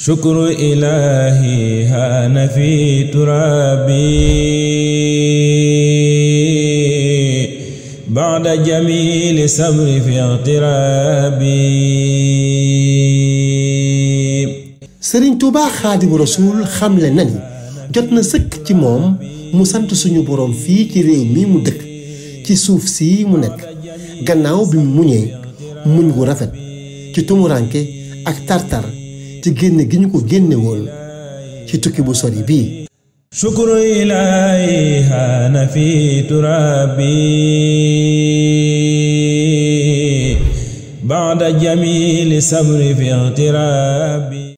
شكر إلهي هان في ترابي بعد جميل صبري في اغترابي سرين توبا خادم رسول خمل نني جاتنا سك تيموم مو سانتو سونيو في تي ريو مي مو تي سوف سي مونك نك غناو بي مو ني مو تي تومو اك تارتار ci génne gi ñu ko génne woon ci tukki bu sori bii shukru ilaahi haana fi turaabi baada jamili sabri fi ightiraabi